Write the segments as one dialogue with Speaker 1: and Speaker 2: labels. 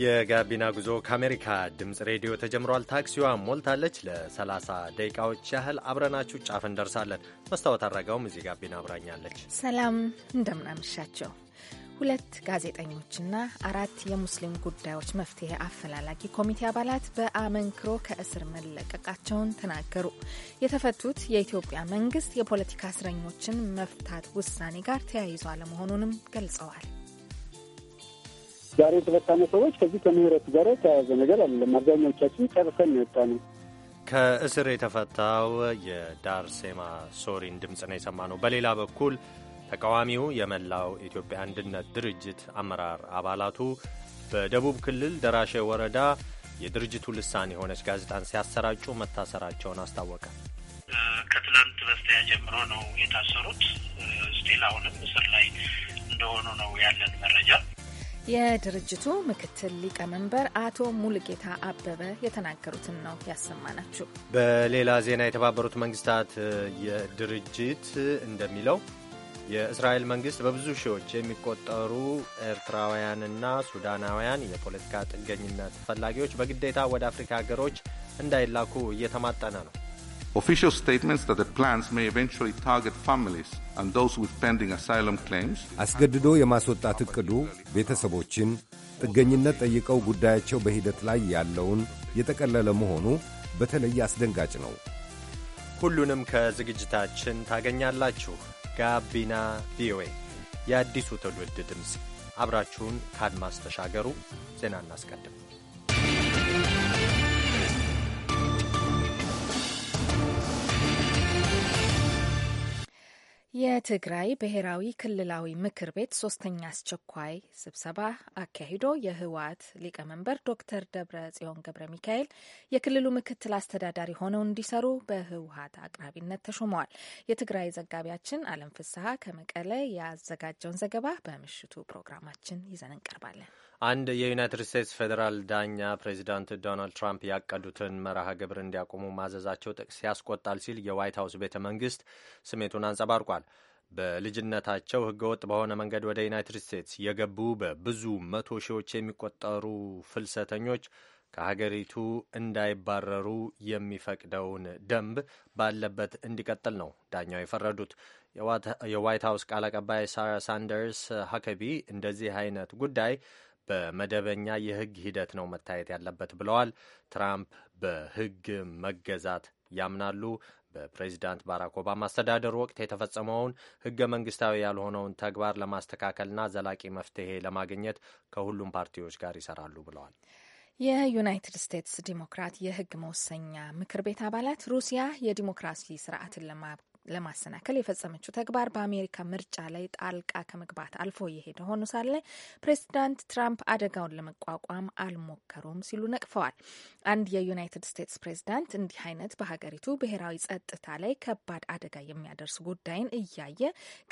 Speaker 1: የጋቢና ጉዞ ከአሜሪካ ድምፅ ሬዲዮ ተጀምሯል። ታክሲዋ ሞልታለች። ለ30 ደቂቃዎች ያህል አብረናችሁ ጫፍ እንደርሳለን። መስታወት አድረጋውም እዚህ ጋቢና አብራኛለች።
Speaker 2: ሰላም እንደምናመሻቸው። ሁለት ጋዜጠኞችና አራት የሙስሊም ጉዳዮች መፍትሄ አፈላላጊ ኮሚቴ አባላት በአመንክሮ ከእስር መለቀቃቸውን ተናገሩ። የተፈቱት የኢትዮጵያ መንግስት የፖለቲካ እስረኞችን መፍታት ውሳኔ ጋር ተያይዞ አለመሆኑንም ገልጸዋል።
Speaker 3: ዛሬ የተፈታነ ሰዎች ከዚህ ከምህረቱ ጋር የተያያዘ ነገር አለም። አብዛኛዎቻችን ጨርሰን ነው የወጣ ነው።
Speaker 1: ከእስር የተፈታው የዳርሴማ ሶሪን ድምፅ ነው የሰማነው። በሌላ በኩል ተቃዋሚው የመላው ኢትዮጵያ አንድነት ድርጅት አመራር አባላቱ በደቡብ ክልል ደራሼ ወረዳ የድርጅቱ ልሳን የሆነች ጋዜጣን ሲያሰራጩ መታሰራቸውን አስታወቀ።
Speaker 4: ከትላንት በስቲያ ጀምሮ ነው የታሰሩት። ስቲል አሁንም እስር ላይ እንደሆኑ ነው ያለን መረጃ።
Speaker 2: የድርጅቱ ምክትል ሊቀመንበር አቶ ሙልጌታ አበበ የተናገሩትን ነው ያሰማናችሁ።
Speaker 1: በሌላ ዜና የተባበሩት መንግስታት ድርጅት እንደሚለው የእስራኤል መንግስት በብዙ ሺዎች የሚቆጠሩ ኤርትራውያንና ሱዳናውያን የፖለቲካ ጥገኝነት ፈላጊዎች በግዴታ ወደ አፍሪካ ሀገሮች
Speaker 5: እንዳይላኩ እየተማጠነ ነው። ኦፊሻል ስቴትመንትስ ፕላንስ ሜይ ኢቨንቹዋሊ ታርጌት ፋሚሊስ
Speaker 6: አስገድዶ የማስወጣት ዕቅዱ ቤተሰቦችን ጥገኝነት ጠይቀው ጉዳያቸው በሂደት ላይ ያለውን የጠቀለለ መሆኑ በተለይ አስደንጋጭ ነው።
Speaker 1: ሁሉንም ከዝግጅታችን ታገኛላችሁ። ጋቢና ቪኦኤ የአዲሱ ትውልድ ድምፅ፣ አብራችሁን ከአድማስ ተሻገሩ። ዜና እናስቀድም።
Speaker 2: የትግራይ ብሔራዊ ክልላዊ ምክር ቤት ሶስተኛ አስቸኳይ ስብሰባ አካሂዶ የህወሓት ሊቀመንበር ዶክተር ደብረ ጽዮን ገብረ ሚካኤል የክልሉ ምክትል አስተዳዳሪ ሆነው እንዲሰሩ በህወሓት አቅራቢነት ተሾመዋል። የትግራይ ዘጋቢያችን አለም ፍስሐ ከመቀለ ያዘጋጀውን ዘገባ በምሽቱ ፕሮግራማችን ይዘን እንቀርባለን።
Speaker 1: አንድ የዩናይትድ ስቴትስ ፌዴራል ዳኛ ፕሬዚዳንት ዶናልድ ትራምፕ ያቀዱትን መርሃ ግብር እንዲያቆሙ ማዘዛቸው ጥቅስ ያስቆጣል ሲል የዋይት ሀውስ ቤተ መንግስት ስሜቱን አንጸባርቋል። በልጅነታቸው ህገወጥ በሆነ መንገድ ወደ ዩናይትድ ስቴትስ የገቡ በብዙ መቶ ሺዎች የሚቆጠሩ ፍልሰተኞች ከሀገሪቱ እንዳይባረሩ የሚፈቅደውን ደንብ ባለበት እንዲቀጥል ነው ዳኛው የፈረዱት። የዋይት ሀውስ ቃል አቀባይ ሳራ ሳንደርስ ሀከቢ እንደዚህ አይነት ጉዳይ በመደበኛ የህግ ሂደት ነው መታየት ያለበት ብለዋል። ትራምፕ በህግ መገዛት ያምናሉ። በፕሬዚዳንት ባራክ ኦባማ አስተዳደር ወቅት የተፈጸመውን ህገ መንግስታዊ ያልሆነውን ተግባር ለማስተካከልና ዘላቂ መፍትሄ ለማግኘት ከሁሉም ፓርቲዎች ጋር ይሰራሉ ብለዋል።
Speaker 2: የዩናይትድ ስቴትስ ዲሞክራት የህግ መወሰኛ ምክር ቤት አባላት ሩሲያ የዲሞክራሲ ስርዓትን ለማሰናከል የፈጸመችው ተግባር በአሜሪካ ምርጫ ላይ ጣልቃ ከመግባት አልፎ የሄደ ሆኖ ሳለ ፕሬዚዳንት ትራምፕ አደጋውን ለመቋቋም አልሞከሩም ሲሉ ነቅፈዋል። አንድ የዩናይትድ ስቴትስ ፕሬዚዳንት እንዲህ አይነት በሀገሪቱ ብሔራዊ ጸጥታ ላይ ከባድ አደጋ የሚያደርስ ጉዳይን እያየ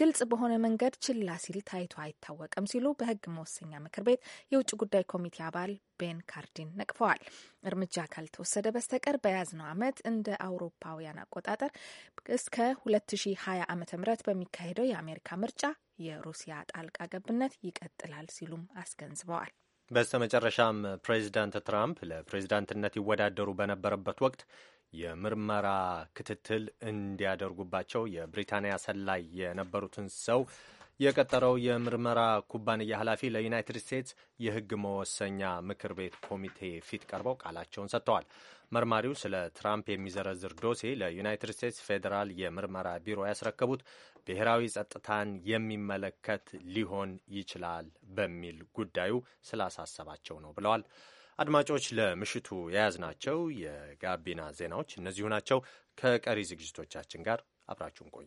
Speaker 2: ግልጽ በሆነ መንገድ ችላ ሲል ታይቶ አይታወቅም ሲሉ በህግ መወሰኛ ምክር ቤት የውጭ ጉዳይ ኮሚቴ አባል ቤን ካርዲን ነቅፈዋል። እርምጃ ካልተወሰደ በስተቀር በያዝነው ዓመት እንደ አውሮፓውያን አቆጣጠር እስከ 2020 ዓ ም በሚካሄደው የአሜሪካ ምርጫ የሩሲያ ጣልቃ ገብነት ይቀጥላል ሲሉም አስገንዝበዋል።
Speaker 1: በስተ መጨረሻም ፕሬዚዳንት ትራምፕ ለፕሬዚዳንትነት ይወዳደሩ በነበረበት ወቅት የምርመራ ክትትል እንዲያደርጉባቸው የብሪታንያ ሰላይ የነበሩትን ሰው የቀጠረው የምርመራ ኩባንያ ኃላፊ ለዩናይትድ ስቴትስ የሕግ መወሰኛ ምክር ቤት ኮሚቴ ፊት ቀርበው ቃላቸውን ሰጥተዋል። መርማሪው ስለ ትራምፕ የሚዘረዝር ዶሴ ለዩናይትድ ስቴትስ ፌዴራል የምርመራ ቢሮ ያስረከቡት ብሔራዊ ጸጥታን የሚመለከት ሊሆን ይችላል በሚል ጉዳዩ ስላሳሰባቸው ነው ብለዋል። አድማጮች ለምሽቱ የያዝናቸው የጋቢና ዜናዎች እነዚሁ ናቸው። ከቀሪ ዝግጅቶቻችን ጋር አብራችሁን ቆዩ።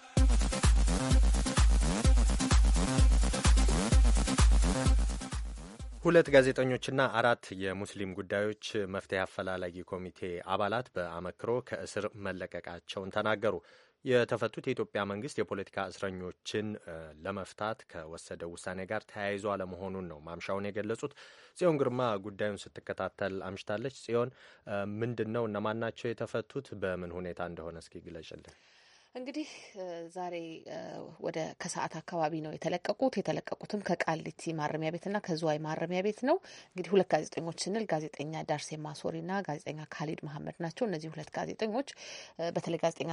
Speaker 1: ሁለት ጋዜጠኞችና አራት የሙስሊም ጉዳዮች መፍትሄ አፈላላጊ ኮሚቴ አባላት በአመክሮ ከእስር መለቀቃቸውን ተናገሩ። የተፈቱት የኢትዮጵያ መንግስት የፖለቲካ እስረኞችን ለመፍታት ከወሰደው ውሳኔ ጋር ተያይዞ አለመሆኑን ነው ማምሻውን የገለጹት። ጽዮን ግርማ ጉዳዩን ስትከታተል አምሽታለች። ጽዮን፣ ምንድን ነው እነማን ናቸው የተፈቱት? በምን ሁኔታ እንደሆነ እስኪ ግለጭልን።
Speaker 7: እንግዲህ ዛሬ ወደ ከሰዓት አካባቢ ነው የተለቀቁት። የተለቀቁትም ከቃሊቲ ማረሚያ ቤትና ከዝዋይ ማረሚያ ቤት ነው። እንግዲህ ሁለት ጋዜጠኞች ስንል ጋዜጠኛ ዳርሴ ማሶሪና ጋዜጠኛ ካሊድ መሀመድ ናቸው። እነዚህ ሁለት ጋዜጠኞች በተለይ ጋዜጠኛ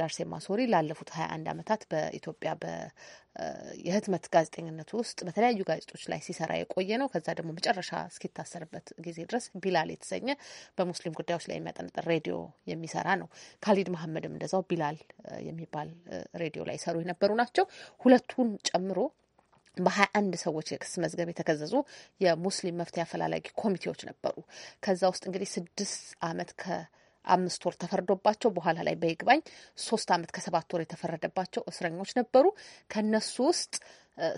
Speaker 7: ዳርሴ ማሶሪ ላለፉት ሀያ አንድ አመታት በኢትዮጵያ የህትመት ጋዜጠኝነት ውስጥ በተለያዩ ጋዜጦች ላይ ሲሰራ የቆየ ነው። ከዛ ደግሞ መጨረሻ እስኪታሰርበት ጊዜ ድረስ ቢላል የተሰኘ በሙስሊም ጉዳዮች ላይ የሚያጠነጥር ሬዲዮ የሚሰራ ነው። ካሊድ መሀመድም እንደዛው ቢላል የሚባል ሬዲዮ ላይ ሰሩ የነበሩ ናቸው። ሁለቱን ጨምሮ በሀያ አንድ ሰዎች የክስ መዝገብ የተከዘዙ የሙስሊም መፍትሄ አፈላላጊ ኮሚቴዎች ነበሩ። ከዛ ውስጥ እንግዲህ ስድስት አመት ከአምስት ወር ተፈርዶባቸው በኋላ ላይ በይግባኝ ሶስት አመት ከሰባት ወር የተፈረደባቸው እስረኞች ነበሩ። ከነሱ ውስጥ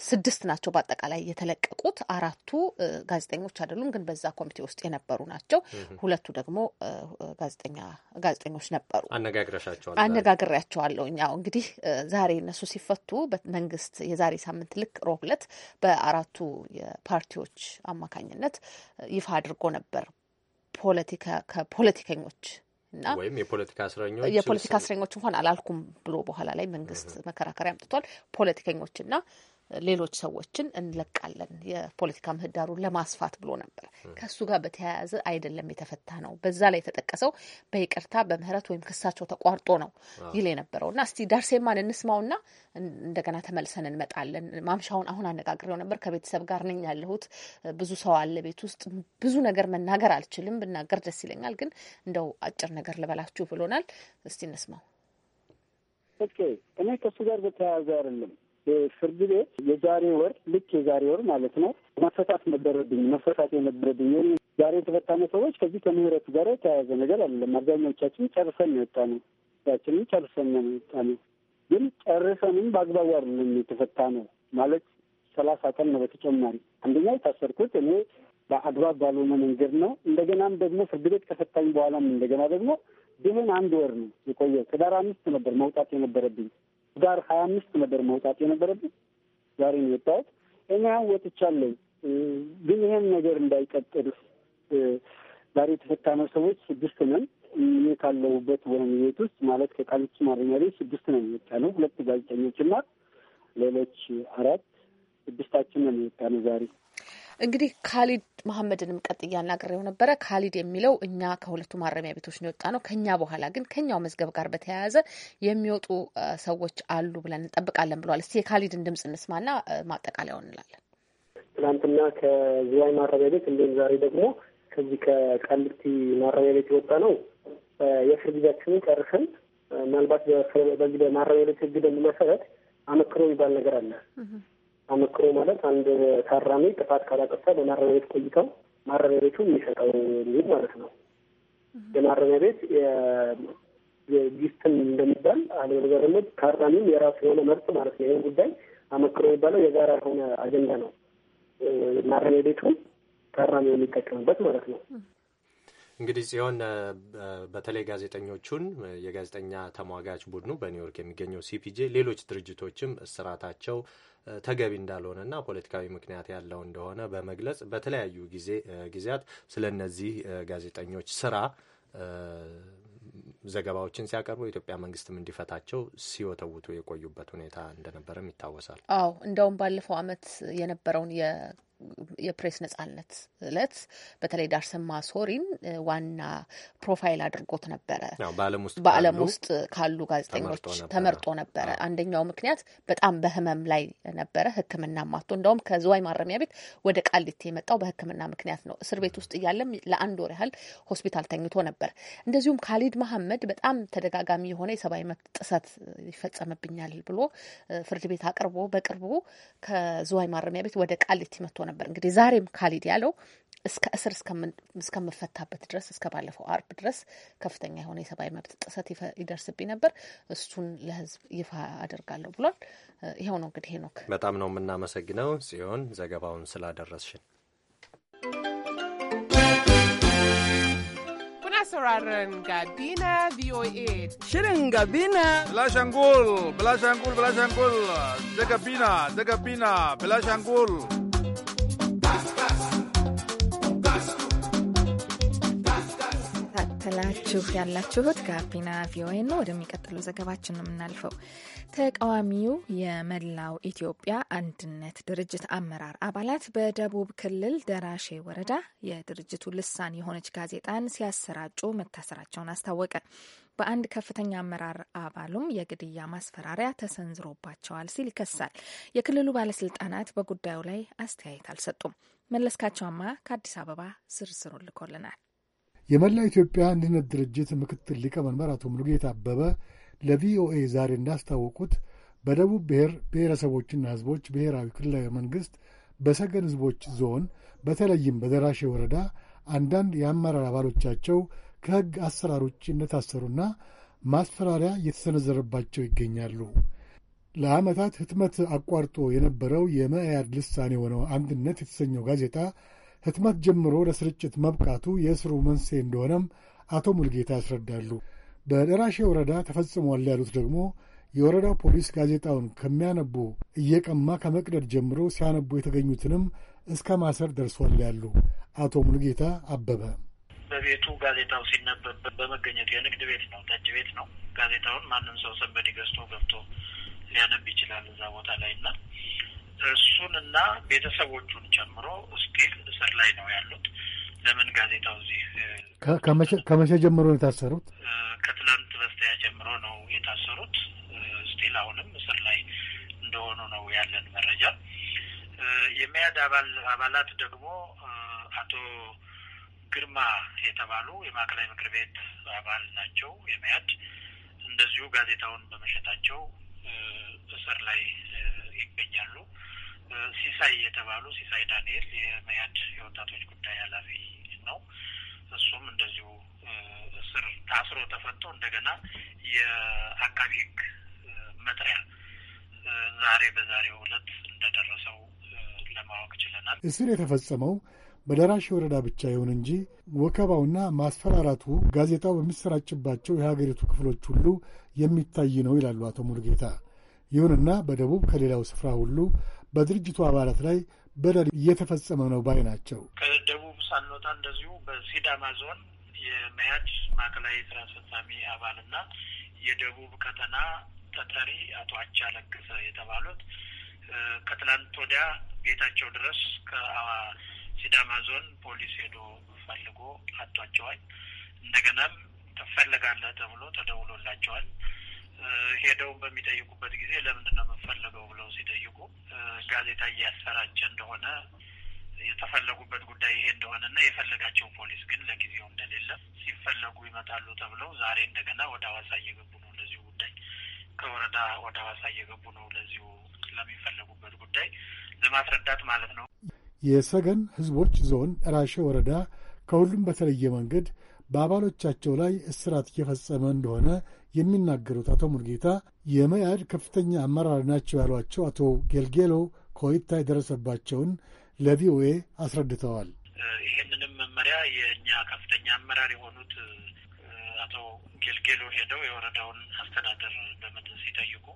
Speaker 7: ስድስት ናቸው በአጠቃላይ የተለቀቁት። አራቱ ጋዜጠኞች አይደሉም፣ ግን በዛ ኮሚቴ ውስጥ የነበሩ ናቸው። ሁለቱ ደግሞ ጋዜጠኛ ጋዜጠኞች ነበሩ። አነጋግሬያቸዋለሁ። ያው እንግዲህ ዛሬ እነሱ ሲፈቱ መንግስት የዛሬ ሳምንት ልክ ሮብ ዕለት በአራቱ የፓርቲዎች አማካኝነት ይፋ አድርጎ ነበር ፖለቲካ ከፖለቲከኞች እና
Speaker 1: ወይም የፖለቲካ እስረኞች የፖለቲካ
Speaker 7: እስረኞች እንኳን አላልኩም ብሎ በኋላ ላይ መንግስት መከራከሪያ አምጥቷል። ፖለቲከኞችና ሌሎች ሰዎችን እንለቃለን የፖለቲካ ምህዳሩን ለማስፋት ብሎ ነበር። ከእሱ ጋር በተያያዘ አይደለም የተፈታ ነው። በዛ ላይ የተጠቀሰው በይቅርታ በምህረት ወይም ክሳቸው ተቋርጦ ነው ይል የነበረው እና እስቲ ዳርሴማን እንስማውና እንደገና ተመልሰን እንመጣለን። ማምሻውን አሁን አነጋግሬው ነበር። ከቤተሰብ ጋር ነኝ ያለሁት። ብዙ ሰው አለ ቤት ውስጥ። ብዙ ነገር መናገር አልችልም። ብናገር ደስ ይለኛል፣ ግን እንደው አጭር ነገር ልበላችሁ ብሎናል። እስቲ እንስማው።
Speaker 3: እኔ ከእሱ ጋር በተያያዘ አይደለም ፍርድ ቤት የዛሬ ወር ልክ የዛሬ ወር ማለት ነው መፈታት ነበረብኝ መፈታት የነበረብኝ ዛሬ የተፈታነ ሰዎች ከዚህ ከምህረቱ ጋር የተያያዘ ነገር አለም። አብዛኛዎቻችን ጨርሰን የወጣ ነው ቻችንም ጨርሰን የወጣ ነው። ግን ጨርሰንም በአግባቡ አይደለም የተፈታ ነው ማለት ሰላሳ ቀን ነው በተጨማሪ አንደኛ የታሰርኩት እኔ በአግባብ ባልሆነ መንገድ ነው። እንደገናም ደግሞ ፍርድ ቤት ከፈታኝ በኋላም እንደገና ደግሞ ድህን አንድ ወር ነው የቆየው። ህዳር አምስት ነበር መውጣት የነበረብኝ ህዳር ሀያ አምስት ነበር መውጣት የነበረብን። ዛሬ ነው የወጣሁት። እኔ አሁን ወጥቻለሁ፣ ግን ይሄን ነገር እንዳይቀጥል ዛሬ የተፈታነው ሰዎች ስድስት ነን። እኔ ካለሁበት ወህኒ ቤት ውስጥ ማለት ከቃሊቲ ማረሚያ ቤት ስድስት ነን የወጣነው፣ ሁለት ጋዜጠኞችና ሌሎች አራት ስድስታችን ነን የወጣነው ዛሬ
Speaker 7: እንግዲህ ካሊድ መሐመድንም ቀጥ አናግሬው ነበረ። ካሊድ የሚለው እኛ ከሁለቱ ማረሚያ ቤቶች ነው የወጣ ነው። ከኛ በኋላ ግን ከኛው መዝገብ ጋር በተያያዘ የሚወጡ ሰዎች አሉ ብለን እንጠብቃለን ብለዋል። እስቲ የካሊድን ድምጽ እንስማና ማጠቃለያው እንላለን።
Speaker 3: ትናንትና ከዝዋይ ማረሚያ ቤት እንዲሁም ዛሬ ደግሞ ከዚህ ከቃሊቲ ማረሚያ ቤት የወጣ ነው። የእስር ጊዜያችንን ጨርሰን ምናልባት በዚህ በማረሚያ ቤት ህግ ደንብ መሰረት አመክሮ የሚባል ነገር አለ። አመክሮ ማለት አንድ ታራሚ ጥፋት ካላጠፋ በማረሚያ ቤት ቆይተው ማረሚያ ቤቱ የሚሰጠው የሚል ማለት ነው። የማረሚያ ቤት ጊፍትን እንደሚባል አለበለዚያ ደግሞ ታራሚም የራሱ የሆነ መብት ማለት ነው። ይህን ጉዳይ አመክሮ የሚባለው የጋራ የሆነ አጀንዳ ነው። ማረሚያ ቤቱ ታራሚ የሚጠቀምበት ማለት ነው።
Speaker 1: እንግዲህ ጽዮን በተለይ ጋዜጠኞቹን የጋዜጠኛ ተሟጋች ቡድኑ በኒውዮርክ የሚገኘው ሲፒጄ ሌሎች ድርጅቶችም እስራታቸው ተገቢ እንዳልሆነ እና ፖለቲካዊ ምክንያት ያለው እንደሆነ በመግለጽ በተለያዩ ጊዜ ጊዜያት ስለ እነዚህ ጋዜጠኞች ስራ ዘገባዎችን ሲያቀርቡ የኢትዮጵያ መንግስትም እንዲፈታቸው ሲወተውቱ የቆዩበት ሁኔታ እንደነበረም ይታወሳል።
Speaker 7: አዎ እንደውም ባለፈው አመት የነበረውን የፕሬስ ነጻነት እለት በተለይ ዳርሰማ ሶሪን ዋና ፕሮፋይል አድርጎት ነበረ።
Speaker 1: በዓለም ውስጥ
Speaker 7: ካሉ ጋዜጠኞች ተመርጦ ነበረ። አንደኛው ምክንያት በጣም በህመም ላይ ነበረ፣ ሕክምና ማቶ እንደውም ከዝዋይ ማረሚያ ቤት ወደ ቃሊቲ የመጣው በሕክምና ምክንያት ነው። እስር ቤት ውስጥ እያለም ለአንድ ወር ያህል ሆስፒታል ተኝቶ ነበር። እንደዚሁም ካሊድ መሐመድ በጣም ተደጋጋሚ የሆነ የሰብአዊ መብት ጥሰት ይፈጸምብኛል ብሎ ፍርድ ቤት አቅርቦ በቅርቡ ከዝዋይ ማረሚያ ቤት ወደ ቃሊቲ መጥቶ ነበር እንግዲህ እንግዲህ ዛሬም ካሊድ ያለው እስከ እስር እስከምፈታበት ድረስ እስከ ባለፈው አርብ ድረስ ከፍተኛ የሆነ የሰብአዊ መብት ጥሰት ይደርስብኝ ነበር፣ እሱን ለህዝብ ይፋ አደርጋለሁ ብሏል። ይኸው ነው እንግዲህ ሄኖክ፣
Speaker 1: በጣም ነው የምናመሰግነው ጽዮን ዘገባውን ስላደረስሽን።
Speaker 8: sauraron Gabina VOA. Shirin Gabina. Bilashangul,
Speaker 5: Bilashangul, Bilashangul.
Speaker 2: እያዳመጣችሁ ያላችሁት ጋቢና ቪኦኤ ነው። ወደሚቀጥለው ዘገባችን ነው የምናልፈው። ተቃዋሚው የመላው ኢትዮጵያ አንድነት ድርጅት አመራር አባላት በደቡብ ክልል ደራሼ ወረዳ የድርጅቱ ልሳን የሆነች ጋዜጣን ሲያሰራጩ መታሰራቸውን አስታወቀ። በአንድ ከፍተኛ አመራር አባሉም የግድያ ማስፈራሪያ ተሰንዝሮባቸዋል ሲል ይከሳል። የክልሉ ባለስልጣናት በጉዳዩ ላይ አስተያየት አልሰጡም። መለስካቸውማ ከአዲስ አበባ ዝርዝሩን ልኮልናል።
Speaker 6: የመላ ኢትዮጵያ አንድነት ድርጅት ምክትል ሊቀመንበር አቶ ሙሉጌታ አበበ ለቪኦኤ ዛሬ እንዳስታወቁት በደቡብ ብሔር ብሔረሰቦችና ሕዝቦች ብሔራዊ ክልላዊ መንግሥት በሰገን ሕዝቦች ዞን በተለይም በደራሼ ወረዳ አንዳንድ የአመራር አባሎቻቸው ከሕግ አሰራር ውጭ እንደታሰሩና ማስፈራሪያ እየተሰነዘረባቸው ይገኛሉ። ለዓመታት ህትመት አቋርጦ የነበረው የመኢአድ ልሳኔ የሆነው አንድነት የተሰኘው ጋዜጣ ህትመት ጀምሮ ለስርጭት መብቃቱ የእስሩ መንስኤ እንደሆነም አቶ ሙልጌታ ያስረዳሉ። በደራሼ ወረዳ ተፈጽሟል ያሉት ደግሞ የወረዳው ፖሊስ ጋዜጣውን ከሚያነቡ እየቀማ ከመቅደድ ጀምሮ ሲያነቡ የተገኙትንም እስከ ማሰር ደርሷል ያሉ አቶ ሙልጌታ አበበ
Speaker 4: በቤቱ ጋዜጣው ሲነበብ በመገኘቱ የንግድ ቤት ነው፣ ጠጅ ቤት ነው። ጋዜጣውን ማንም ሰው ሰንበዲ ገዝቶ ገብቶ ሊያነብ ይችላል እዛ ቦታ ላይ እና እሱን እና ቤተሰቦቹን
Speaker 6: ጨምሮ እስኪል እስር ላይ ነው ያሉት። ለምን ጋዜጣው እዚህ ከመቼ ጀምሮ ነው የታሰሩት?
Speaker 4: ከትላንት በስቲያ ጀምሮ ነው የታሰሩት። እስቲል አሁንም እስር ላይ እንደሆኑ ነው ያለን መረጃ። የሚያድ አባል አባላት ደግሞ አቶ ግርማ የተባሉ የማዕከላዊ ምክር ቤት አባል ናቸው። የሚያድ እንደዚሁ ጋዜጣውን በመሸጣቸው እስር ላይ ይገኛሉ። ሲሳይ የተባሉ ሲሳይ ዳንኤል የመያድ የወጣቶች ጉዳይ ኃላፊ ነው። እሱም እንደዚሁ እስር ታስሮ ተፈቶ እንደገና የአቃቢ ሕግ መጥሪያ ዛሬ በዛሬው ዕለት እንደደረሰው ለማወቅ
Speaker 6: ችለናል። እስር የተፈጸመው በደራሽ ወረዳ ብቻ ይሁን እንጂ ወከባውና ማስፈራራቱ ጋዜጣው በሚሰራጭባቸው የሀገሪቱ ክፍሎች ሁሉ የሚታይ ነው ይላሉ አቶ ሙሉጌታ። ይሁንና በደቡብ ከሌላው ስፍራ ሁሉ በድርጅቱ አባላት ላይ በደል እየተፈጸመ ነው ባይ ናቸው።
Speaker 4: ከደቡብ ሳንወጣ እንደዚሁ በሲዳማ ዞን የመያድ ማዕከላዊ ስራ አስፈጻሚ አባልና የደቡብ ከተና ተጠሪ አቶ አቻ ለገሰ የተባሉት ከትላንት ወዲያ ቤታቸው ድረስ ከሲዳማ ዞን ፖሊስ ሄዶ ፈልጎ አጥቷቸዋል። እንደገናም ትፈለጋለህ ተብሎ ተደውሎላቸዋል። ሄደው በሚጠይቁበት ጊዜ ለምንድን ነው የምንፈለገው ብለው ሲጠይቁ ጋዜጣ እያሰራጨ እንደሆነ የተፈለጉበት ጉዳይ ይሄ እንደሆነ እና የፈለጋቸው ፖሊስ ግን ለጊዜው እንደሌለም ሲፈለጉ ይመጣሉ ተብለው ዛሬ እንደገና ወደ አዋሳ እየገቡ ነው። ለዚሁ ጉዳይ ከወረዳ ወደ አዋሳ እየገቡ ነው። ለዚሁ ለሚፈለጉበት ጉዳይ
Speaker 6: ለማስረዳት ማለት ነው። የሰገን ህዝቦች ዞን ራሼ ወረዳ ከሁሉም በተለየ መንገድ በአባሎቻቸው ላይ እስራት እየፈጸመ እንደሆነ የሚናገሩት አቶ ሙርጌታ የመያድ ከፍተኛ አመራር ናቸው ያሏቸው አቶ ጌልጌሎ ኮይታ የደረሰባቸውን ለቪኦኤ አስረድተዋል። ይህንንም መመሪያ የእኛ ከፍተኛ አመራር የሆኑት
Speaker 4: አቶ ጌልጌሎ ሄደው የወረዳውን አስተዳደር በምት ሲጠይቁ፣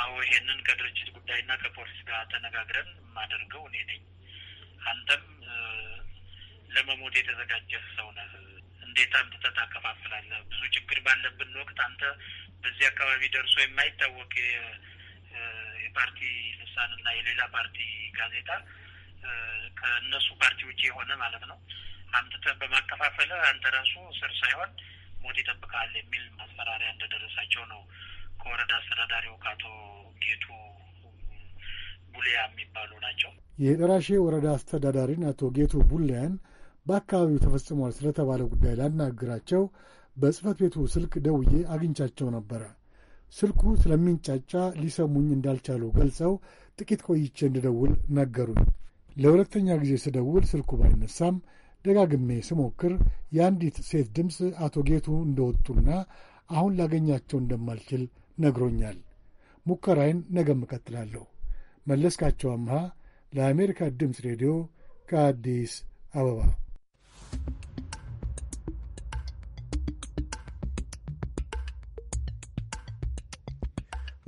Speaker 4: አዎ ይሄንን ከድርጅት ጉዳይና ከፖሊስ ጋር ተነጋግረን የማደርገው እኔ ነኝ። አንተም ለመሞት የተዘጋጀ ሰው ነህ እንዴት አንተ ታከፋፍላለህ? ብዙ ችግር ባለብን ወቅት አንተ በዚህ አካባቢ ደርሶ የማይታወቅ የፓርቲ ልሳን እና የሌላ ፓርቲ ጋዜጣ ከእነሱ ፓርቲ ውጭ የሆነ ማለት ነው አምትተ በማከፋፈለ አንተ ራሱ ስር ሳይሆን ሞት ይጠብቃል የሚል ማስፈራሪያ እንደደረሳቸው ነው ከወረዳ
Speaker 6: አስተዳዳሪው ከአቶ ጌቱ ቡሊያ የሚባሉ ናቸው። የደራሼ ወረዳ አስተዳዳሪን አቶ ጌቱ ቡሊያን በአካባቢው ተፈጽሟል ስለተባለ ጉዳይ ላናግራቸው በጽህፈት ቤቱ ስልክ ደውዬ አግኝቻቸው ነበረ። ስልኩ ስለሚንጫጫ ሊሰሙኝ እንዳልቻሉ ገልጸው ጥቂት ቆይቼ እንድደውል ነገሩኝ። ለሁለተኛ ጊዜ ስደውል ስልኩ ባይነሳም ደጋግሜ ስሞክር የአንዲት ሴት ድምፅ አቶ ጌቱ እንደወጡና አሁን ላገኛቸው እንደማልችል ነግሮኛል። ሙከራዬን ነገም እቀጥላለሁ። መለስካቸው አምሃ ለአሜሪካ ድምፅ ሬዲዮ ከአዲስ አበባ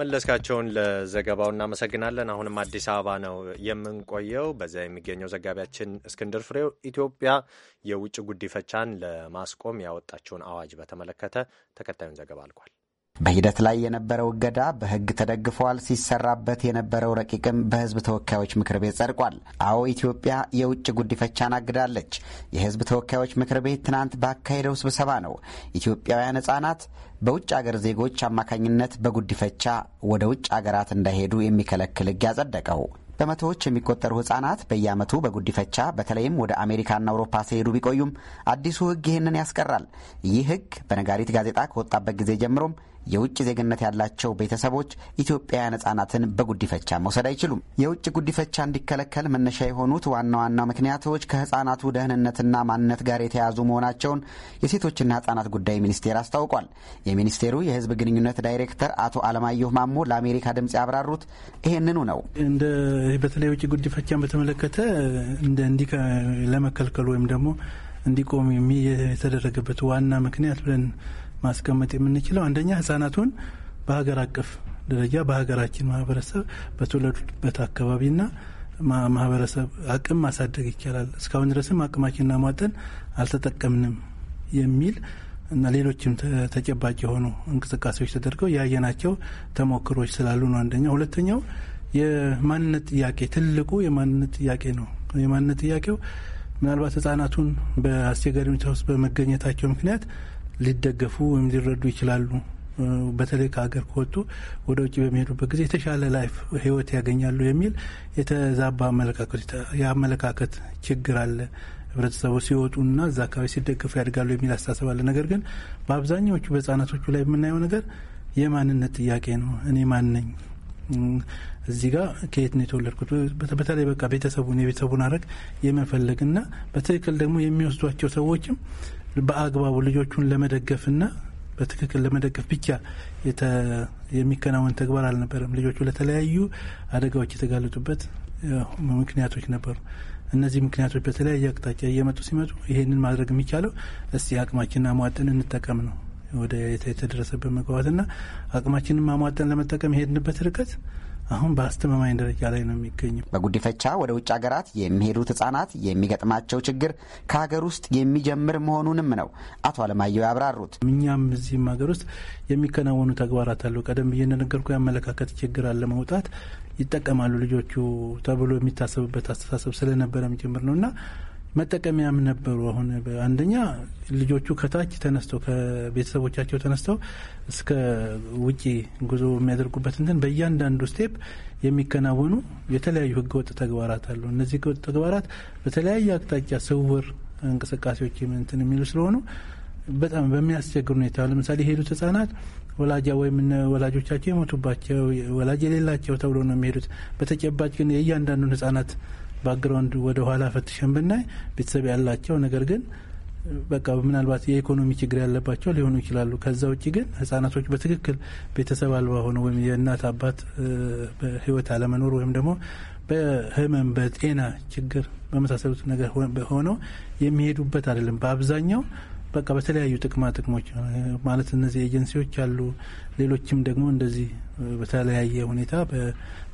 Speaker 1: መለስካቸውን ለዘገባው እናመሰግናለን። አሁንም አዲስ አበባ ነው የምንቆየው። በዚያ የሚገኘው ዘጋቢያችን እስክንድር ፍሬው ኢትዮጵያ የውጭ ጉዲፈቻን ለማስቆም ያወጣችውን አዋጅ በተመለከተ ተከታዩን ዘገባ አልኳል።
Speaker 9: በሂደት ላይ የነበረው እገዳ በሕግ ተደግፏል። ሲሰራበት የነበረው ረቂቅም በሕዝብ ተወካዮች ምክር ቤት ጸድቋል። አዎ ኢትዮጵያ የውጭ ጉዲፈቻን አግዳለች። የሕዝብ ተወካዮች ምክር ቤት ትናንት ባካሄደው ስብሰባ ነው ኢትዮጵያውያን ሕጻናት በውጭ አገር ዜጎች አማካኝነት በጉዲፈቻ ወደ ውጭ አገራት እንዳይሄዱ የሚከለክል ሕግ ያጸደቀው። በመቶዎች የሚቆጠሩ ህጻናት በየአመቱ በጉዲፈቻ በተለይም ወደ አሜሪካና አውሮፓ ሲሄዱ ቢቆዩም አዲሱ ህግ ይህንን ያስቀራል። ይህ ህግ በነጋሪት ጋዜጣ ከወጣበት ጊዜ ጀምሮም የውጭ ዜግነት ያላቸው ቤተሰቦች ኢትዮጵያውያን ህጻናትን በጉዲፈቻ መውሰድ አይችሉም። የውጭ ጉዲፈቻ እንዲከለከል መነሻ የሆኑት ዋና ዋና ምክንያቶች ከህጻናቱ ደህንነትና ማንነት ጋር የተያያዙ መሆናቸውን የሴቶችና ህጻናት ጉዳይ ሚኒስቴር አስታውቋል። የሚኒስቴሩ የህዝብ ግንኙነት ዳይሬክተር አቶ አለማየሁ ማሞ ለአሜሪካ ድምፅ ያብራሩት ይህንኑ ነው። እንደ በተለይ የውጭ ጉዲፈቻን በተመለከተ
Speaker 5: እንዲህ ለመከልከሉ ወይም ደግሞ እንዲቆም የተደረገበት ዋና ምክንያት ብለን ማስቀመጥ የምንችለው አንደኛ ህጻናቱን በሀገር አቀፍ ደረጃ በሀገራችን ማህበረሰብ በተወለዱበት አካባቢና ማህበረሰብ አቅም ማሳደግ ይቻላል፣ እስካሁን ድረስም አቅማችንና ማጠን አልተጠቀምንም የሚል እና ሌሎችም ተጨባጭ የሆኑ እንቅስቃሴዎች ተደርገው ያየናቸው ተሞክሮች ስላሉ ነው። አንደኛ ሁለተኛው የማንነት ጥያቄ ትልቁ የማንነት ጥያቄ ነው። የማንነት ጥያቄው ምናልባት ህጻናቱን በአስቸጋሪ ሁኔታ ውስጥ በመገኘታቸው ምክንያት ሊደገፉ ወይም ሊረዱ ይችላሉ። በተለይ ከሀገር ከወጡ ወደ ውጭ በሚሄዱበት ጊዜ የተሻለ ላይፍ ህይወት ያገኛሉ የሚል የተዛባ አመለካከት የአመለካከት ችግር አለ። ህብረተሰቡ ሲወጡና እዛ አካባቢ ሲደገፉ ያድጋሉ የሚል አስተሳሰብ አለ። ነገር ግን በአብዛኛዎቹ በህጻናቶቹ ላይ የምናየው ነገር የማንነት ጥያቄ ነው። እኔ ማን ነኝ? እዚህ ጋር ከየት ነው የተወለድኩት? በተለይ በቃ ቤተሰቡን የቤተሰቡን አረግ የመፈለግና በትክክል ደግሞ የሚወስዷቸው ሰዎችም በአግባቡ ልጆቹን ለመደገፍና በትክክል ለመደገፍ ብቻ የሚከናወን ተግባር አልነበረም። ልጆቹ ለተለያዩ አደጋዎች የተጋለጡበት ምክንያቶች ነበሩ። እነዚህ ምክንያቶች በተለያየ አቅጣጫ እየመጡ ሲመጡ ይሄንን ማድረግ የሚቻለው እስቲ አቅማችንን አሟጠን እንጠቀም ነው ወደ የተደረሰበት መግባባትና አቅማችንን አሟጠን ለመጠቀም የሄድንበት ርቀት አሁን በአስተማማኝ ደረጃ ላይ ነው የሚገኘው።
Speaker 9: በጉዲፈቻ ወደ ውጭ ሀገራት የሚሄዱት ህጻናት የሚገጥማቸው ችግር ከሀገር ውስጥ የሚጀምር መሆኑንም ነው አቶ አለማየሁ ያብራሩት። እኛም እዚህም ሀገር ውስጥ የሚከናወኑ ተግባራት አሉ። ቀደም ብዬ እንደነገርኩ የአመለካከት
Speaker 5: ችግር አለ መውጣት ይጠቀማሉ ልጆቹ ተብሎ የሚታሰብበት አስተሳሰብ ስለነበረም ጭምር ነው እና መጠቀሚያም ነበሩ። አሁን አንደኛ ልጆቹ ከታች ተነስተው ከቤተሰቦቻቸው ተነስተው እስከ ውጪ ጉዞ የሚያደርጉበት እንትን በእያንዳንዱ ስቴፕ የሚከናወኑ የተለያዩ ህገወጥ ተግባራት አሉ። እነዚህ ህገወጥ ተግባራት በተለያየ አቅጣጫ ስውር እንቅስቃሴዎች እንትን የሚሉ ስለሆኑ በጣም በሚያስቸግር ሁኔታ ለምሳሌ የሄዱት ህጻናት ወላጃ ወይም ወላጆቻቸው የሞቱባቸው ወላጅ የሌላቸው ተብሎ ነው የሚሄዱት። በተጨባጭ ግን የእያንዳንዱን ህጻናት ባክግራውንድ ወደ ኋላ ፈትሸን ብናይ ቤተሰብ ያላቸው ነገር ግን በቃ ምናልባት የኢኮኖሚ ችግር ያለባቸው ሊሆኑ ይችላሉ። ከዛ ውጭ ግን ህጻናቶች በትክክል ቤተሰብ አልባ ሆነው ወይም የእናት አባት በህይወት አለመኖር ወይም ደግሞ በህመም በጤና ችግር በመሳሰሉት ነገር ሆነው የሚሄዱበት አይደለም በአብዛኛው በቃ በተለያዩ ጥቅማ ጥቅሞች ማለት እነዚህ ኤጀንሲዎች አሉ። ሌሎችም ደግሞ እንደዚህ በተለያየ ሁኔታ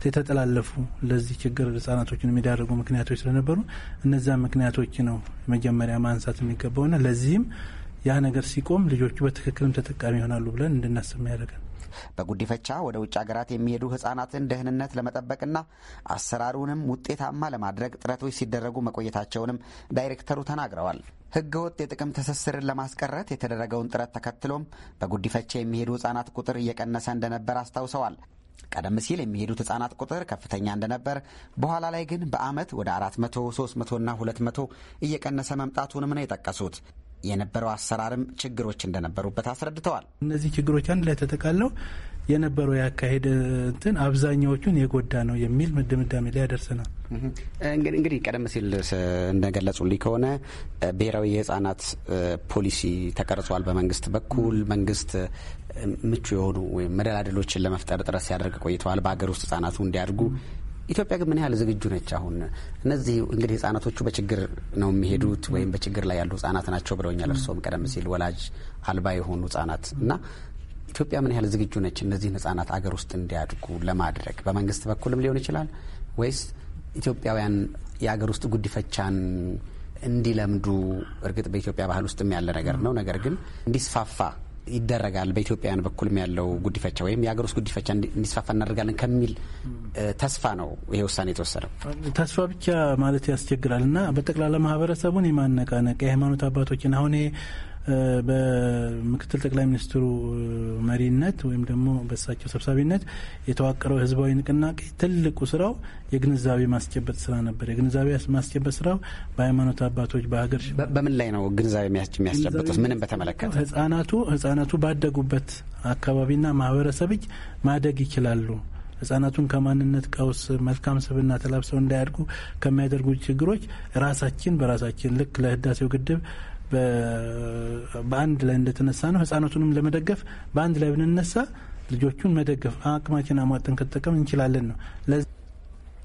Speaker 5: የተጠላለፉ ለዚህ ችግር ህጻናቶችን የሚዳርጉ ምክንያቶች ስለነበሩ እነዛ ምክንያቶች ነው መጀመሪያ ማንሳት የሚገባውና ለዚህም ያ ነገር ሲቆም ልጆቹ በትክክልም ተጠቃሚ ይሆናሉ ብለን እንድናስብ ያደርጋል።
Speaker 9: በጉዲፈቻ ወደ ውጭ ሀገራት የሚሄዱ ህጻናትን ደህንነት ለመጠበቅና አሰራሩንም ውጤታማ ለማድረግ ጥረቶች ሲደረጉ መቆየታቸውንም ዳይሬክተሩ ተናግረዋል። ህገወጥ የጥቅም ትስስርን ለማስቀረት የተደረገውን ጥረት ተከትሎም በጉዲፈቻ የሚሄዱ ህጻናት ቁጥር እየቀነሰ እንደነበር አስታውሰዋል። ቀደም ሲል የሚሄዱት ህጻናት ቁጥር ከፍተኛ እንደነበር፣ በኋላ ላይ ግን በአመት ወደ መቶ ሶስት መቶ 300ና መቶ እየቀነሰ መምጣቱንም ነው የጠቀሱት። የነበረው አሰራርም ችግሮች እንደነበሩበት አስረድተዋል።
Speaker 5: እነዚህ ችግሮች አንድ ላይ ተጠቃለው የነበረው ያካሄድ እንትን አብዛኛዎቹን የጎዳ ነው የሚል ድምዳሜ ላይ ያደርሰናል።
Speaker 9: እንግዲህ ቀደም ሲል እንደገለጹልኝ ከሆነ ብሔራዊ የህጻናት ፖሊሲ ተቀርጿል በመንግስት በኩል መንግስት ምቹ የሆኑ ወይም መደላደሎችን ለመፍጠር ጥረት ሲያደርግ ቆይተዋል። በሀገር ውስጥ ህጻናቱ እንዲያድጉ ኢትዮጵያ ግን ምን ያህል ዝግጁ ነች? አሁን እነዚህ እንግዲህ ህጻናቶቹ በችግር ነው የሚሄዱት ወይም በችግር ላይ ያሉ ህጻናት ናቸው ብለውኛል። እርስዎም ቀደም ሲል ወላጅ አልባ የሆኑ ህጻናት እና ኢትዮጵያ ምን ያህል ዝግጁ ነች እነዚህን ህጻናት አገር ውስጥ እንዲያድጉ ለማድረግ በመንግስት በኩልም ሊሆን ይችላል ወይስ ኢትዮጵያውያን የአገር ውስጥ ጉዲፈቻን እንዲለምዱ እርግጥ በኢትዮጵያ ባህል ውስጥም ያለ ነገር ነው። ነገር ግን እንዲስፋፋ ይደረጋል በኢትዮጵያውያን በኩልም ያለው ጉዲፈቻ ወይም የሀገር ውስጥ ጉዲፈቻ እንዲስፋፋ እናደርጋለን ከሚል ተስፋ ነው ይሄ ውሳኔ የተወሰነው።
Speaker 5: ተስፋ ብቻ ማለት ያስቸግራል እና በጠቅላላ ማህበረሰቡን የማነቃነቅ የሃይማኖት አባቶችን አሁን በምክትል ጠቅላይ ሚኒስትሩ መሪነት ወይም ደግሞ በሳቸው ሰብሳቢነት የተዋቀረው ህዝባዊ ንቅናቄ ትልቁ ስራው የግንዛቤ ማስጨበጥ ስራ ነበር። የግንዛቤ ማስጨበጥ
Speaker 9: ስራው በሃይማኖት አባቶች፣ በሀገር በምን ላይ ነው ግንዛቤ የሚያስጨበጡት? ምንም በተመለከተ
Speaker 5: ህጻናቱ ህጻናቱ ባደጉበት አካባቢና ማህበረሰብ እጅ ማደግ ይችላሉ። ህጻናቱን ከማንነት ቀውስ መልካም ስብና ተላብሰው እንዳያድጉ ከሚያደርጉ ችግሮች ራሳችን በራሳችን ልክ ለህዳሴው ግድብ በአንድ ላይ እንደተነሳ ነው። ህጻናቱንም ለመደገፍ በአንድ ላይ ብንነሳ ልጆቹን መደገፍ አቅማችን አሟጠን
Speaker 9: ከተጠቀም እንችላለን ነው።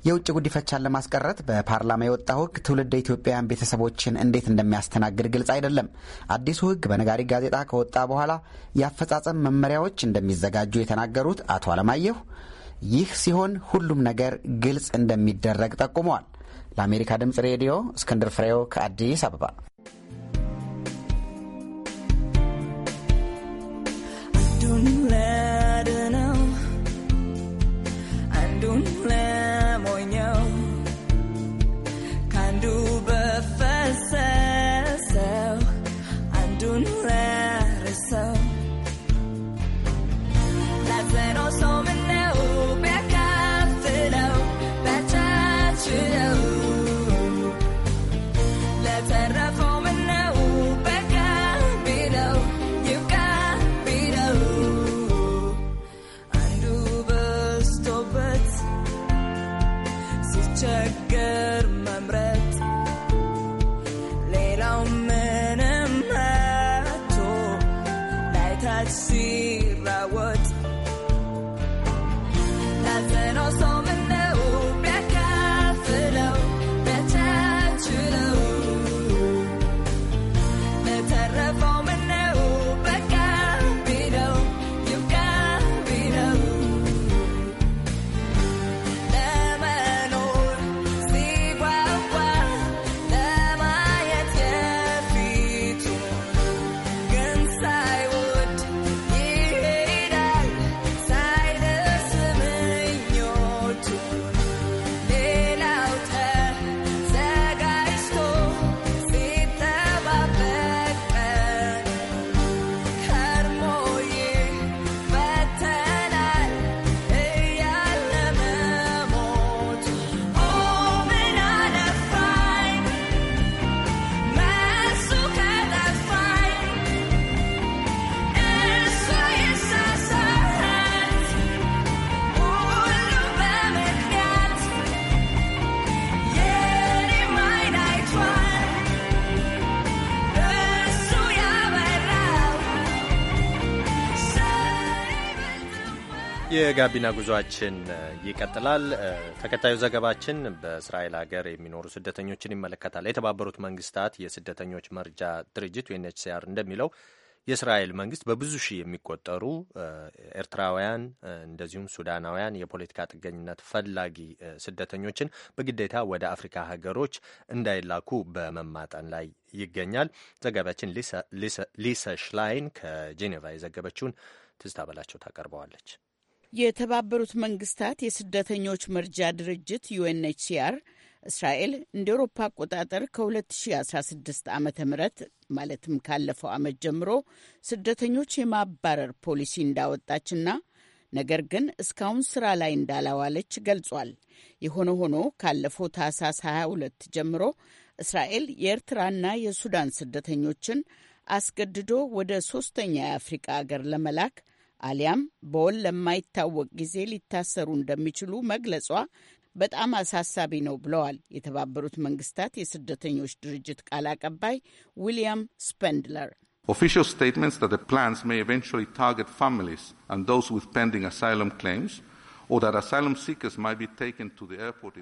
Speaker 9: የውጭ ጉዲፈቻን ለማስቀረት በፓርላማ የወጣው ህግ ትውልድ ኢትዮጵያውያን ቤተሰቦችን እንዴት እንደሚያስተናግድ ግልጽ አይደለም። አዲሱ ህግ በነጋሪት ጋዜጣ ከወጣ በኋላ የአፈጻጸም መመሪያዎች እንደሚዘጋጁ የተናገሩት አቶ አለማየሁ ይህ ሲሆን ሁሉም ነገር ግልጽ እንደሚደረግ ጠቁመዋል። ለአሜሪካ ድምፅ ሬዲዮ እስክንድር ፍሬው ከአዲስ አበባ
Speaker 10: un lemon
Speaker 1: የጋቢና ጉዟችን ይቀጥላል። ተከታዩ ዘገባችን በእስራኤል ሀገር የሚኖሩ ስደተኞችን ይመለከታል። የተባበሩት መንግስታት የስደተኞች መርጃ ድርጅት ዩኤንኤችሲአር እንደሚለው የእስራኤል መንግስት በብዙ ሺህ የሚቆጠሩ ኤርትራውያን እንደዚሁም ሱዳናውያን የፖለቲካ ጥገኝነት ፈላጊ ስደተኞችን በግዴታ ወደ አፍሪካ ሀገሮች እንዳይላኩ በመማጠን ላይ ይገኛል። ዘጋቢያችን ሊሰ ሽላይን ከጄኔቫ የዘገበችውን ትዝታ በላቸው ታቀርበዋለች።
Speaker 8: የተባበሩት መንግስታት የስደተኞች መርጃ ድርጅት ዩኤንኤችሲአር እስራኤል እንደ ኤሮፓ አቆጣጠር ከ2016 ዓ ም ማለትም ካለፈው ዓመት ጀምሮ ስደተኞች የማባረር ፖሊሲ እንዳወጣችና ነገር ግን እስካሁን ስራ ላይ እንዳላዋለች ገልጿል። የሆነ ሆኖ ካለፈው ታህሳስ 22 ጀምሮ እስራኤል የኤርትራና የሱዳን ስደተኞችን አስገድዶ ወደ ሶስተኛ የአፍሪቃ አገር ለመላክ አሊያም በወል ለማይታወቅ ጊዜ ሊታሰሩ እንደሚችሉ መግለጿ በጣም አሳሳቢ ነው ብለዋል የተባበሩት መንግስታት የስደተኞች ድርጅት ቃል አቀባይ ዊሊያም ስፐንድለር።
Speaker 5: ኦፊሻል ስቴትመንትስ ዛት ዘ ፕላንስ ሜይ ኢቨንቹዋሊ ታርጌት ፋሚሊስ አንድ ዞዝ ዊዝ ፔንዲንግ አሳይለም ክሌምስ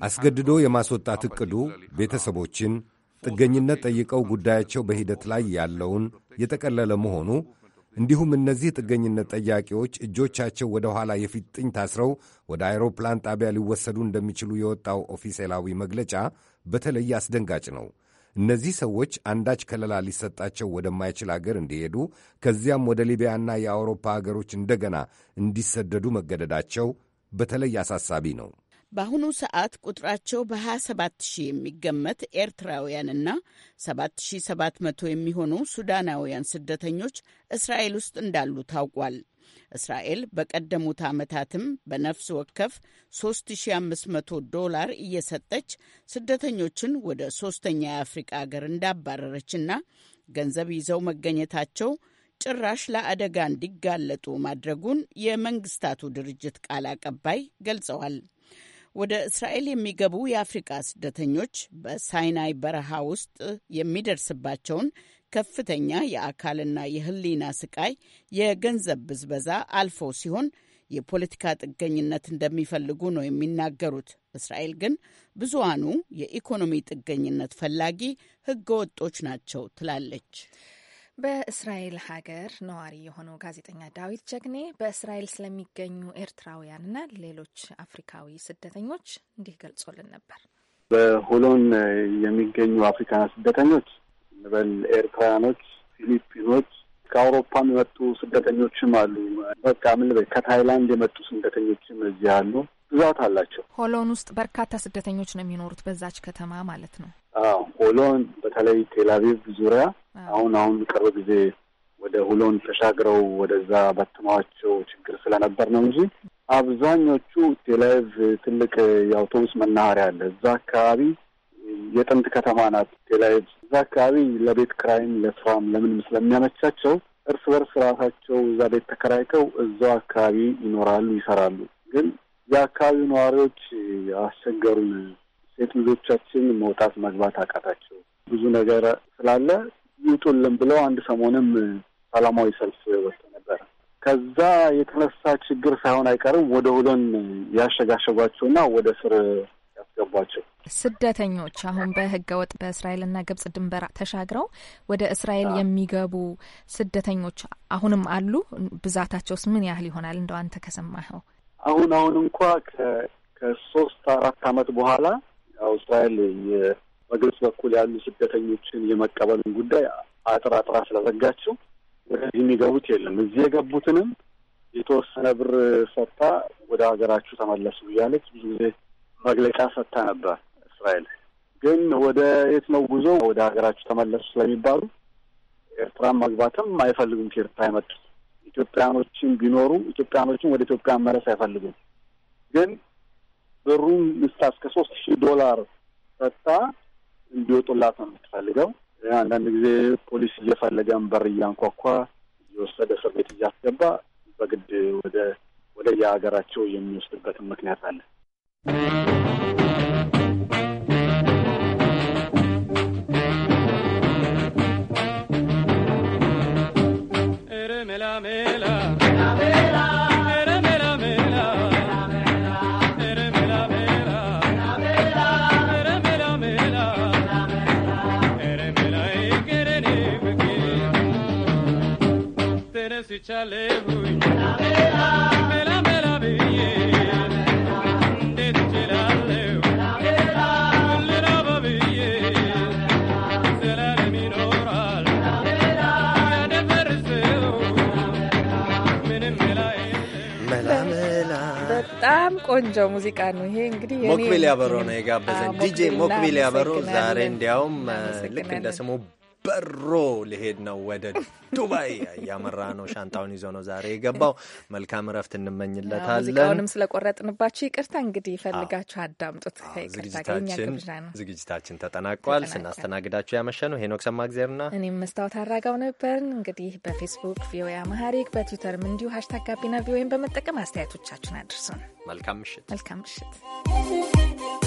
Speaker 6: አስገድዶ የማስወጣት እቅዱ ቤተሰቦችን ጥገኝነት ጠይቀው ጉዳያቸው በሂደት ላይ ያለውን የጠቀለለ መሆኑ እንዲሁም እነዚህ ጥገኝነት ጠያቂዎች እጆቻቸው ወደ ኋላ የፊጥኝ ታስረው ወደ አይሮፕላን ጣቢያ ሊወሰዱ እንደሚችሉ የወጣው ኦፊሴላዊ መግለጫ በተለይ አስደንጋጭ ነው። እነዚህ ሰዎች አንዳች ከለላ ሊሰጣቸው ወደማይችል አገር እንዲሄዱ ከዚያም ወደ ሊቢያና የአውሮፓ አገሮች እንደገና እንዲሰደዱ መገደዳቸው በተለይ አሳሳቢ ነው።
Speaker 8: በአሁኑ ሰዓት ቁጥራቸው በ27 ሺህ የሚገመት ኤርትራውያንና 7700 የሚሆኑ ሱዳናውያን ስደተኞች እስራኤል ውስጥ እንዳሉ ታውቋል። እስራኤል በቀደሙት ዓመታትም በነፍስ ወከፍ 3500 ዶላር እየሰጠች ስደተኞችን ወደ ሶስተኛ የአፍሪቃ አገር እንዳባረረችና ገንዘብ ይዘው መገኘታቸው ጭራሽ ለአደጋ እንዲጋለጡ ማድረጉን የመንግስታቱ ድርጅት ቃል አቀባይ ገልጸዋል። ወደ እስራኤል የሚገቡ የአፍሪቃ ስደተኞች በሳይናይ በረሃ ውስጥ የሚደርስባቸውን ከፍተኛ የአካልና የሕሊና ስቃይ፣ የገንዘብ ብዝበዛ አልፎ ሲሆን የፖለቲካ ጥገኝነት እንደሚፈልጉ ነው የሚናገሩት። እስራኤል ግን ብዙሃኑ የኢኮኖሚ ጥገኝነት ፈላጊ ህገወጦች ወጦች ናቸው ትላለች።
Speaker 2: በእስራኤል ሀገር ነዋሪ የሆነው ጋዜጠኛ ዳዊት ጀግኔ በእስራኤል ስለሚገኙ ኤርትራውያንና ሌሎች አፍሪካዊ ስደተኞች እንዲህ ገልጾልን ነበር።
Speaker 3: በሆሎን የሚገኙ አፍሪካን ስደተኞች እንበል ኤርትራውያኖች፣ ፊሊፒኖች፣ ከአውሮፓም የመጡ ስደተኞችም አሉ። በቃ ምን ልበል ከታይላንድ የመጡ ስደተኞችም እዚህ አሉ። ብዛት አላቸው።
Speaker 2: ሆሎን ውስጥ በርካታ ስደተኞች ነው የሚኖሩት በዛች ከተማ ማለት ነው።
Speaker 3: ሆሎን በተለይ ቴላቪቭ ዙሪያ አሁን አሁን ቅርብ ጊዜ ወደ ሁሎን ተሻግረው ወደዛ በትማቸው ችግር ስለነበር ነው እንጂ አብዛኞቹ ቴላይቭ ትልቅ የአውቶቡስ መናኸሪያ አለ። እዛ አካባቢ የጥንት ከተማ ናት ቴላይቭ። እዛ አካባቢ ለቤት ክራይም ለስራም ለምንም ስለሚያመቻቸው እርስ በርስ ራሳቸው እዛ ቤት ተከራይተው እዛው አካባቢ ይኖራሉ፣ ይሰራሉ። ግን የአካባቢው ነዋሪዎች አስቸገሩን ሴት ልጆቻችን መውጣት መግባት አቃታቸው፣ ብዙ ነገር ስላለ ይውጡልን ብለው አንድ ሰሞንም ሰላማዊ ሰልፍ ወጥቶ ነበረ። ከዛ የተነሳ ችግር ሳይሆን አይቀርም ወደ ሁሎን ያሸጋሸጓቸውና ወደ ስር ያስገቧቸው
Speaker 2: ስደተኞች አሁን በህገ ወጥ በእስራኤልና ግብጽ ድንበር ተሻግረው ወደ እስራኤል የሚገቡ ስደተኞች አሁንም አሉ። ብዛታቸውስ ምን ያህል ይሆናል? እንደው አንተ ከሰማኸው።
Speaker 3: አሁን አሁን እንኳ ከሶስት አራት አመት በኋላ አውስትራሊያ በግብጽ በኩል ያሉ ስደተኞችን የመቀበልን ጉዳይ አጥር አጥራ ስለዘጋችው ወደዚህ የሚገቡት የለም። እዚህ የገቡትንም የተወሰነ ብር ሰጥታ ወደ ሀገራችሁ ተመለሱ እያለች ብዙ ጊዜ መግለጫ ሰጥታ ነበር። እስራኤል ግን ወደ የት ነው ጉዞ? ወደ ሀገራችሁ ተመለሱ ስለሚባሉ ኤርትራን መግባትም አይፈልጉም። ከኤርትራ የመጡት ኢትዮጵያኖችን ቢኖሩ ኢትዮጵያኖችን ወደ ኢትዮጵያ መለስ አይፈልጉም። ግን ብሩን እስከ እስከ ሶስት ሺህ ዶላር ሰጥታ እንዲወጡላት ነው የምትፈልገው። አንዳንድ ጊዜ ፖሊስ እየፈለገን በር እያንኳኳ እየወሰደ እስር ቤት እያስገባ በግድ ወደ ወደ የሀገራቸው የሚወስድበትን ምክንያት አለ።
Speaker 10: በጣም
Speaker 2: ቆንጆ ሙዚቃ ነው ይሄ። እንግዲህ ሞክቢል ያበሮ
Speaker 1: ነው የጋበዘን ዲጄ ሞክቢል ያበሮ ዛሬ እንዲያውም ልክ እንደ ስሙ በሮ ሊሄድ ነው ወደ ዱባይ እያመራ ነው። ሻንጣውን ይዞ ነው ዛሬ የገባው። መልካም እረፍት እንመኝለታለን። ሙዚቃውንም
Speaker 2: ይቅርታ። እንግዲህ ይፈልጋችሁ አዳምጡት።
Speaker 1: ዝግጅታችን ተጠናቋል። ስናስተናግዳችሁ ነው ሄኖክ ሰማ ጊዜርና
Speaker 2: እኔም መስታወት አራጋው ነበርን። እንግዲህ በፌስቡክ ቪኦኤ አማሃሪክ በትዊተርም እንዲሁ ሀሽታግ ጋቢና ቪኦኤን በመጠቀም አስተያየቶቻችሁን አድርሱን።
Speaker 1: መልካም
Speaker 3: ምሽት። መልካም ምሽት።